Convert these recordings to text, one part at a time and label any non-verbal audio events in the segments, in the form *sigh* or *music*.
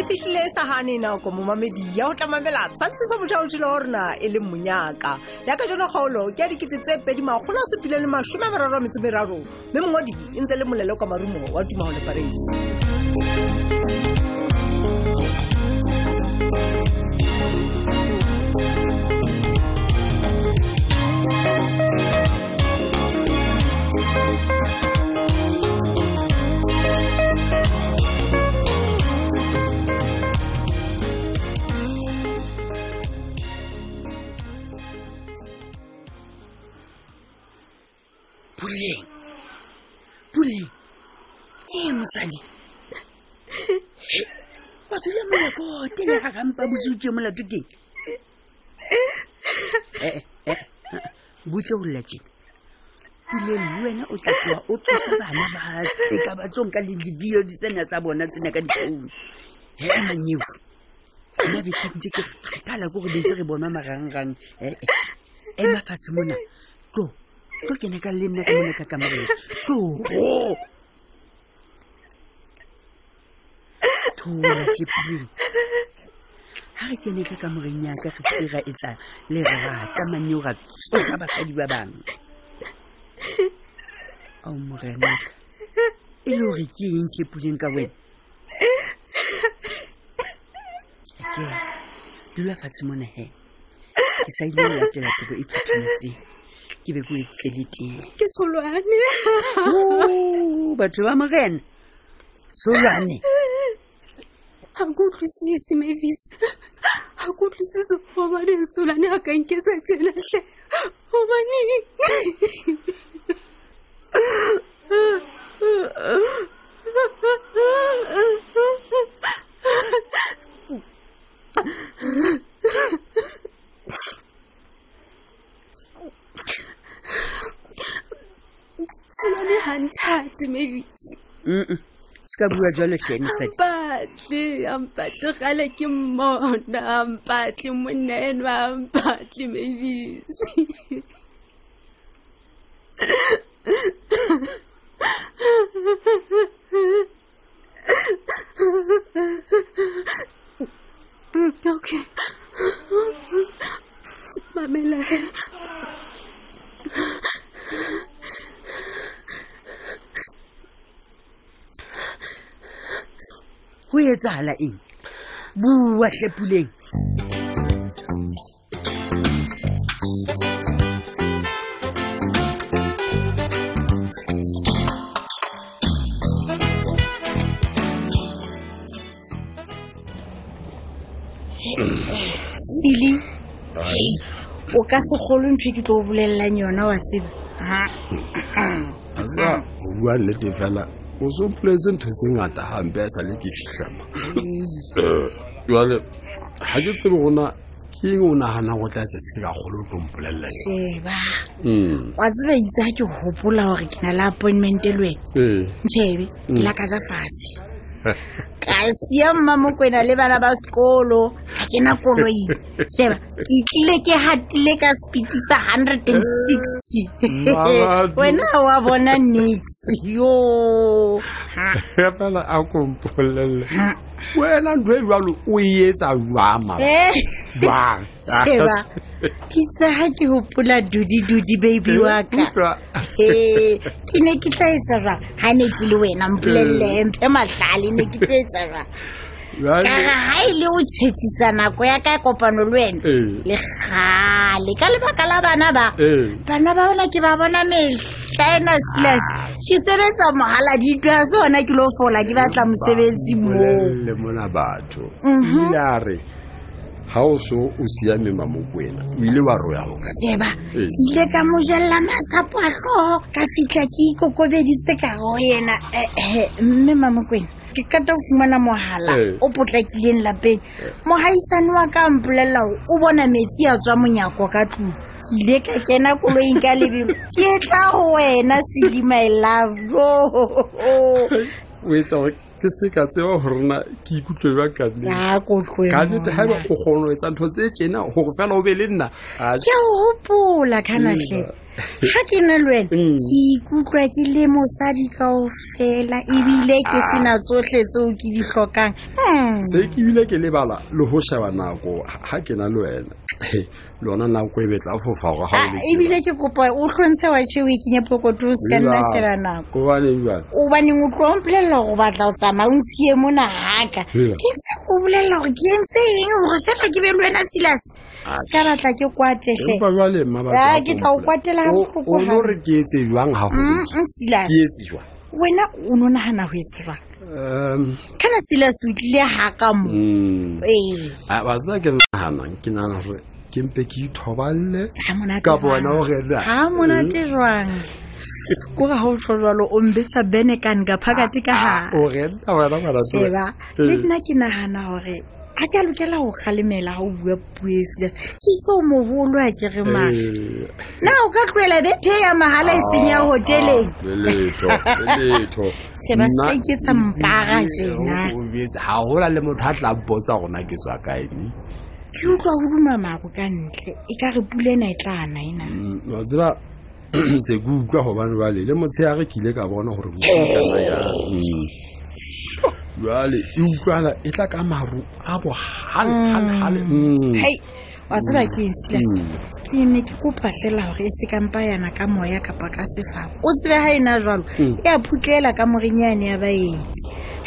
e fitlhile e sa gane nako momamedi ya go tlamamela tshwantshiso mojaotilo wa rona e le monyaka yaka jona kgaolo ke ya dikete tse pedi magolo a sepile le masome a meraro a metso e meraro mme mongwadi e ntse le molele kwa marumo wa tumago le parisi gampa botse o tse molato keng botse gorela tsena pile le wena o tlatsewa o thosa bana ba e ka batlong ka le di-video di tsena tsa bona tsena ka difounu he eh, manyeo nna betsante ke kgathala ko gore bentse re bonwa marangrang ee eh, e eh. mafatshe mona tlo tlo ke ne ka le nna ka mona ka kamareng tlogo thola sepuleng ga re ke ne ke kamoreng yaka re sira e tsa lerata manyora tsosa basadi ba bangwe ao oh, morenaka e le gore ke eng sepuleng ka wena ke dula fatshe mo nege ke sa ile latela tiko e phuthumetseng ke be ko e tsele teng oh, batho ba morena tsholwane hankutlisin esimevisi hankutlisisi omane nsulane akankesa tjena hle omane tsulane ga nthate mevisi mm -mm. sikabuya hleni mpahle ampahle gale ke mona ampatle monna ampatle mabisi okay mamela ho etsahala eng bua hlepuleng sili o ka se ntho e ke tlo o bolelelang Ah. Ah tseba bua le fela o so mpoletse ntho tse ngata gampe a sa le ke fitlhama eh, jale ga ke tsebe gona ke eng o nagana go tla tse se ka kgolo tlo mpolelela sheba hmm. wa tseba itse ga ke gopola gore ke na le appointment le wena eh. ntšhebe ke hmm. la ka ja fatshe *laughs* ka siamma mokwena le bana ba sekolo ga ke na koloing *laughs* sheba ke tlile ke gatile ka speed sa hundred and sixty *laughs* wena wa bona nix yo *laughs* fela a kompolelele wena ntho e jalo o e etsa jamaa ketsaga eh. *laughs* ke gopola dudidudi baby waka e eh, ke ne ke tla etsa jang ga ne ke le wena mpolelelempe eh. matlhale ne ke tla etsa jang ka ga e le o tšhetšisa nako ya ka kopano le wena eh. le kgale ka lebaka la bana ba eh. bana ba bona ke ba bona mehlaena slas ah. ke sebetsa mogala ditlo ya se ona ke lo fola ke batla mosebetsi moole mona batho mhm. ile a re ga o so o siame mamoko wena o ile wa roya go sheba eh. ke ile ka mojalela masapo a tlhogo ka fitlha ke ikokobeditse ka go yena mme mamokwena ke kata ho fumana mogala eh. o potlakileng lapeng mogaisane wa ka mpolelela o bona metsi a tswa monyako ka tlong ke ile ka kena koloing ka lebelo ke tla go wena sedi my love o etsa gore ke se ka tseba gorena ke ikutlwe jwa kannete e o kgone go etsa ntho tse tsena gore fela o be le nna ke gopola kanatlhe ga ke na le wena mm. ke ikutlwa ke le mosadi kao fela ebile ke ah. sena tsotlhe tseo ke di tlhokang hmm. se ke ebile ke lebala le go sheba nako ga ke na le wena *laughs* lona nako e betla fofa ah, ebile ke kopa o tlhontshe wa tsheo e kenye pokoto o seka nna sheba nako o baneng o tlo go batla o tsamaya o ntshiye mo nagaka ke ntse o bolelela gore ke entse eng gore fela ke be le wena selase seka batla ke kwatlheke tla o kwatela gaore ke etse jang mm, mm, wena o ne o nagana go etse jang kana selas otlile ga ka moebatsa mm. ke naganang ke nagana gore ke mpe ke ithoballe ka bona o ga monate jwang ko ga go tlo jalo o mbetsa bene ka nka phakate ka gaseba le nna ke nagana gore ga ke a lokela go galemela ga o bua pue serious ke itseo mogolo a kere maa na o ka tloela bethe ya mahala e seng ya hotelengseaseketsampaga enaga gola le motho a tla botsa gona ke tswa kaene ke utlwa go duma mago ka ntle e ka re pulena e tla na ena mm, tse *clears throat* ke utlwa gobane bale le motsheyage ke ile ka bona gore mokana ya jale e utlwala e tla ka maru a bogalegalegale hei mm. mm. wa tsela ke sila mm. ke ne ke kopatlela gore e se kampa yana ka moya kapa ka sefako o tsebe ga ena jalo e a phutlela ka morenyane ya baeti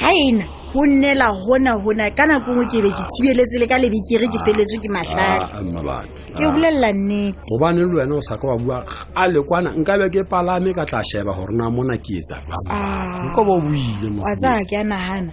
ga ena go nnela gona gona ka nako e ngwe ke be ke thibeletse le ka lebekere ke feleletswe ke matlhale ah, ke ah. bolelela nnete gobane le wena o sa ka wa bua a lekwana nka be ke palame ka tla sheba gore na mona ke etsa ah. nka bo buile tsaya ke a nagana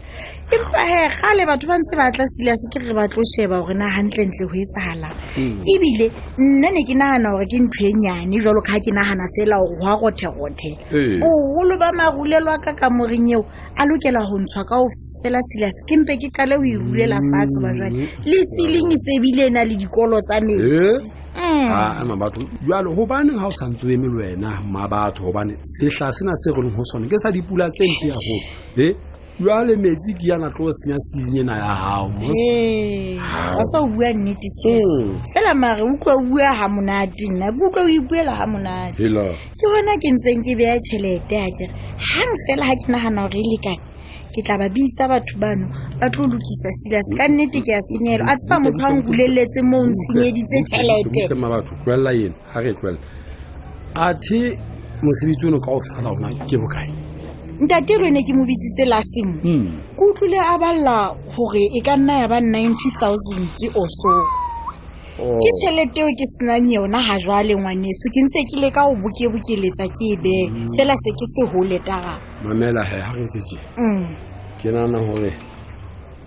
empa he gale batho ba ntse ba tla se ke re ba tlo sheba gore na gantlentle go e tsala hmm. ebile nna ne ke nagana gore ke ntho e nyane jalo ka ke nagana sela gore go a gothe-gothe eh. bogolo ba marulelwa ka kamoreng eo a lokela go ntshwa ka ofela silas ke mpe ke kale ho mm-hmm. e rulela fatshe ba le sealing e tsebile e na le dikolo tsa metsi eh? mm. ana ah, batho jalo hobaneng ha o sa ntse eme le wena ma batho hobane sehla sena se re leng ho sona ke sa dipula tse mpe haholo e jwale metsi ke yana tlo senya selinye na ya gago o bua nnete se fela maare utlwa o bua ga monate nna utlwa o ipuela ga monate ke gona ke ntseng ke beya tšhelete a kere gang fela ga ke nagana gore e lekane ke tla ba bitsa batho bano ba tlo lokisa silas ka nnete ke ya senyelo a tseba motho a nkuleletse mo o ntshenyeditse tšheleteathe mosebetsi ono ka o fela ona ke bokae ntate re ne ke mo bitsitse lasemo hmm. ke utlwile a balela gore e ka nna ya ba ninety thousand or so oh. ke tšhelete eo ke senang yona ga jale ngwaneso ke ntse kele ka go bokebokeletsa ke e bee hmm. fela se ke se gole taga mamela ge ga retee ke nana gore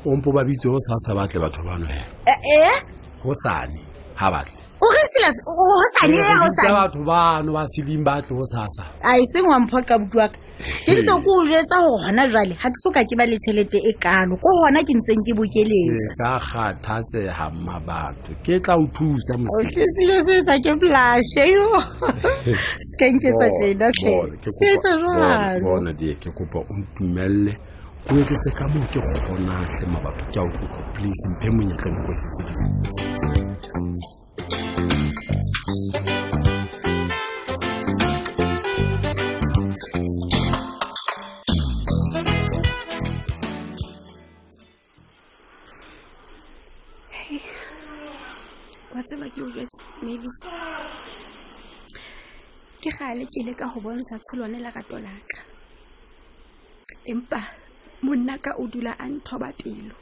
ompo ba bitse go sa sa batle batho bano ge ee eh, eh? go sane ga batle o re selatse batho bano ba seleng ba tlo sasa a e seng wa ka butu ke ntse ko o jetsa gore gona jale ga ke soka ke ba le tšhelete e kalo ko gona ke ntseng ke bokeletsa ka kgathatsega mma batho ke tla o thusa mosesile se etsa ke blashe yo *laughs* skenketsa jena se etsa ke kopa o ntumelele o etsetse ka moo ke kgonang tlhe mabatho ke a o kopa please mphe monyetleng o etsetse di curious maybe ke gale ke ile ka go bontsha tsholwane rato laka empa monna ka o dula a nthoba pelo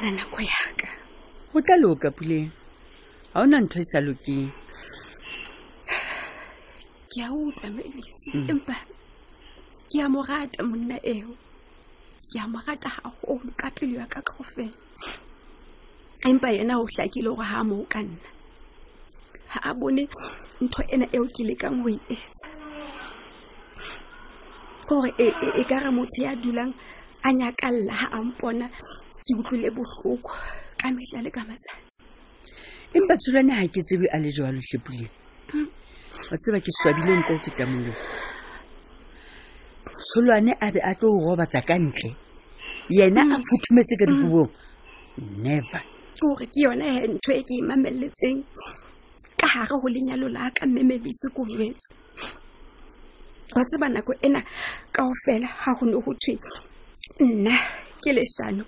na nako yaka go tla loka puleng ga ona ntho e sa lokeng ke a utlwa mabisi mm. empa ke a mo rata monna eo ke a mo rata gagolo ka pelo ya ka kaofela empa yena o hlakile gore ha mo ka nna ha a bone ntho ena eo ke lekang ho e etsa kore e, e, e ka re motho ya dulang a nyakalla ha a mpona ke utlwile bohloko ka mehla le ka matsatsi empa tsholwane ha ke tsebe a le jo a lohlepuleng hmm. wa tseba ke swabile nko o feta molong tsholwane a be a tlo o robatsa ka ntle yena a hmm. futhumetse ka dikobong hmm. never ke gore ke yone he ntho e ke e mameletseng ka gare go lenyalo la ka mme mebisi ko jetse wa tseba nako ena kao fela ga go ne go thwe nna ke leshano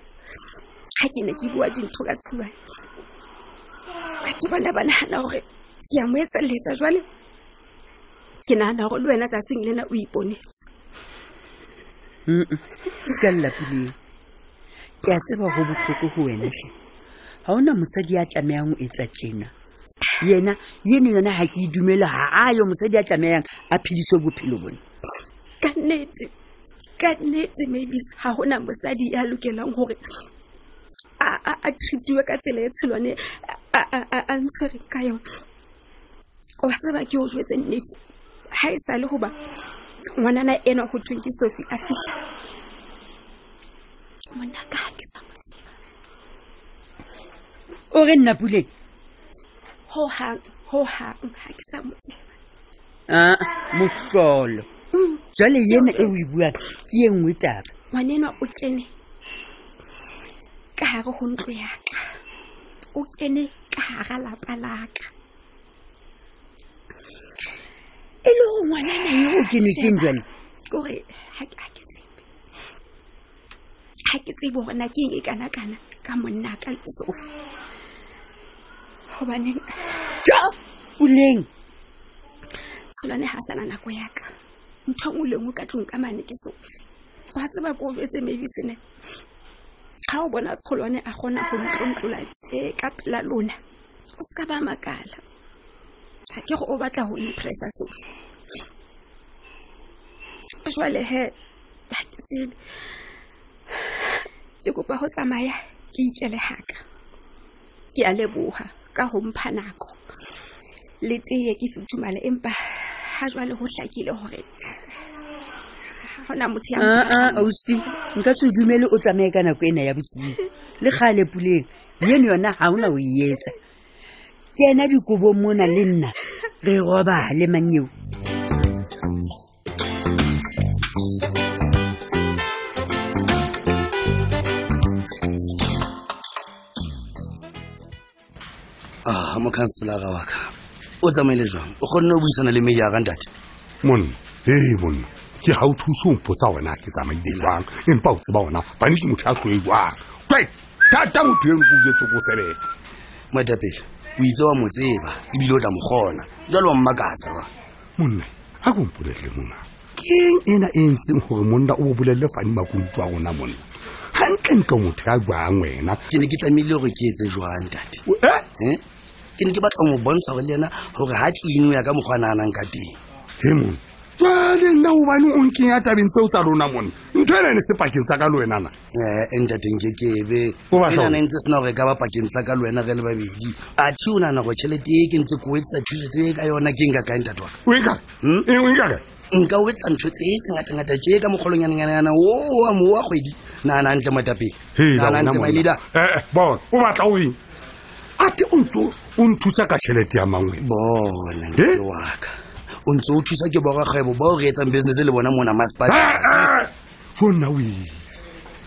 ga ke ne ke bua dintho ka tsholwane ke bona ba nagana gore ke a mo etseletsa jwale ke nagana gore le wena tsatsing lena o iponetse se ka lelapileng ke a tseba go botlhoko go wena ga ona mosadi a tlamehang o etsa tjena yena eno yona ga ke dumele ga ayo mosadi a tlamehang a phedise bophelo bone ka nnete ka nnete maybes ga gona mosadi a lokelang gore a treatiwe ka tsela e tshelwane a ntshwereng ka yone wa tseba ke o jetse nnete ga e sa le goba ngwanana ena go thweng ke sofi a fitlha monaka o re nna pule motlolo mm. jwale yena e o e buang ke e nngwe taba ngwanenwa o kene ka gare go ntlo yaka o kene ka gara lapa laka e le go ngwanana ye go kene keng jwale kore ga ke tsebe gorena ke eng e kana-kana ka monna ka lesofa hobaneng ja leng tsholwane ha sana nako ya ka ntho o leng o ka tlong ka mane ke sofe ba tseba ko jetse medicine ga o bona tsholwane a gona go ntlontlola tse ka pela lona o se ka ba makala ga ke go o batla go impressa sofe jwale he ga tsebe ke kopa go tsamaya ke ikele haka ke a leboga ka ho mpha nako le teye ke futhumale empa ha jwale ho hlakile hore ah, ah, ausi nka tshwe dumele o tsamaye ka nako ena ya botsiyi le gale puleng yeno yona ga ona o e etsa ke ena dikobong mona le nna re robale mannyeo ah mokhanselara wa ka o tsamaile jwang o kgonne o buisana le meya ka ndate monna ee monna ke ga o thuso o mpotsa wena ke tsamaile jwang empa o tseba ona bane ke motho a tloe jwang kwe thata motho eno ko ujetse ko sebela moetapele o itse wa motseba ebile o tla mogona jalo wa mmakatsa wa monna a ko mpolelele mona ke ena e ntseng gore monna o bobolelele fane makontu a rona monna gantle ntlo motho ya jwang wena ke ne ke tlamehile gore ke etse jwang tate eh? eh? ke ne ke batla mo bontsha go le ena gore ga tlino ya ka mokgwa a naanang ka teng he mon jale nna gobane o nkeng ya tabeng tseo tsa lona mone ntho ena ne se pakeng tsa ka le wenana entateng ke kebe ena ntse sena gore ka ba pakeng tsa ka le wena re le babedi athi o nana gore tšhelete e ke ntse ko wetsa thuso tse ka yona ke nka kaeng tatwa nka o etsa ntho tse tse ngatangata tje ka mokgolong yanenyanayana o wa mo wa kgwedi naanantle motapeng naanantle maleader bon o batla o eng ati o nthusa ka tšhelete ya mangwe bona eh? waka o ntse o thusa ke borakgwebo bao re etsang business le bona mona maspal fo ah, ah! nna o ile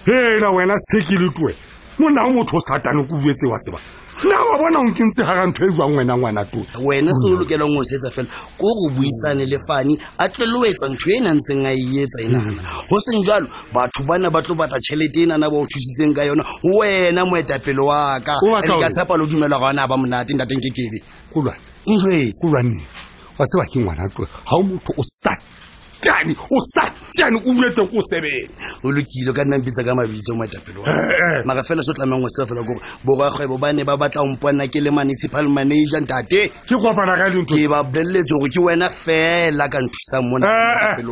fela wena se ke le twe monao motho o satane ko buetse wa tsebang na wa bona o nkentse ga ga ntho e jwang wena ngwana tona wena se o lokelang o setsa fela ko go buisane le fane a tlile o etsa ntho e na ntseng a e e nana go seng jalo batho bana ba tlo batla tšhelete e nana ba o thusitseng ka yona wena moetapelo wa ka ka tshapa le o dumela ga ona ba monate ngdateng ke kebe kolwane kolwane wa tseba ke ngwana tlo ga o motho o sat satane o uletse ko sebele o lokile ka nna ka mabitso matapelo maka eh, eh, eh. fela se o tlamang go tseba fela kore boragwebo ba ne ba batla mponna ke le municipal manager ntate ke kopana ka dintho ke ba boleletse gore ke wena fela ka nthusang monantate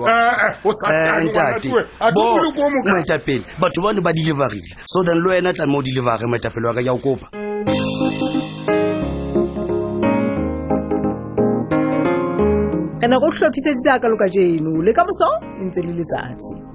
matapele batho bane ba deliverile so then le wena tlameo delivere matapelo wa ka ke o kopa re ne go tlhophiseditse a ka loka jeno le ka moso e ntse le letsatsi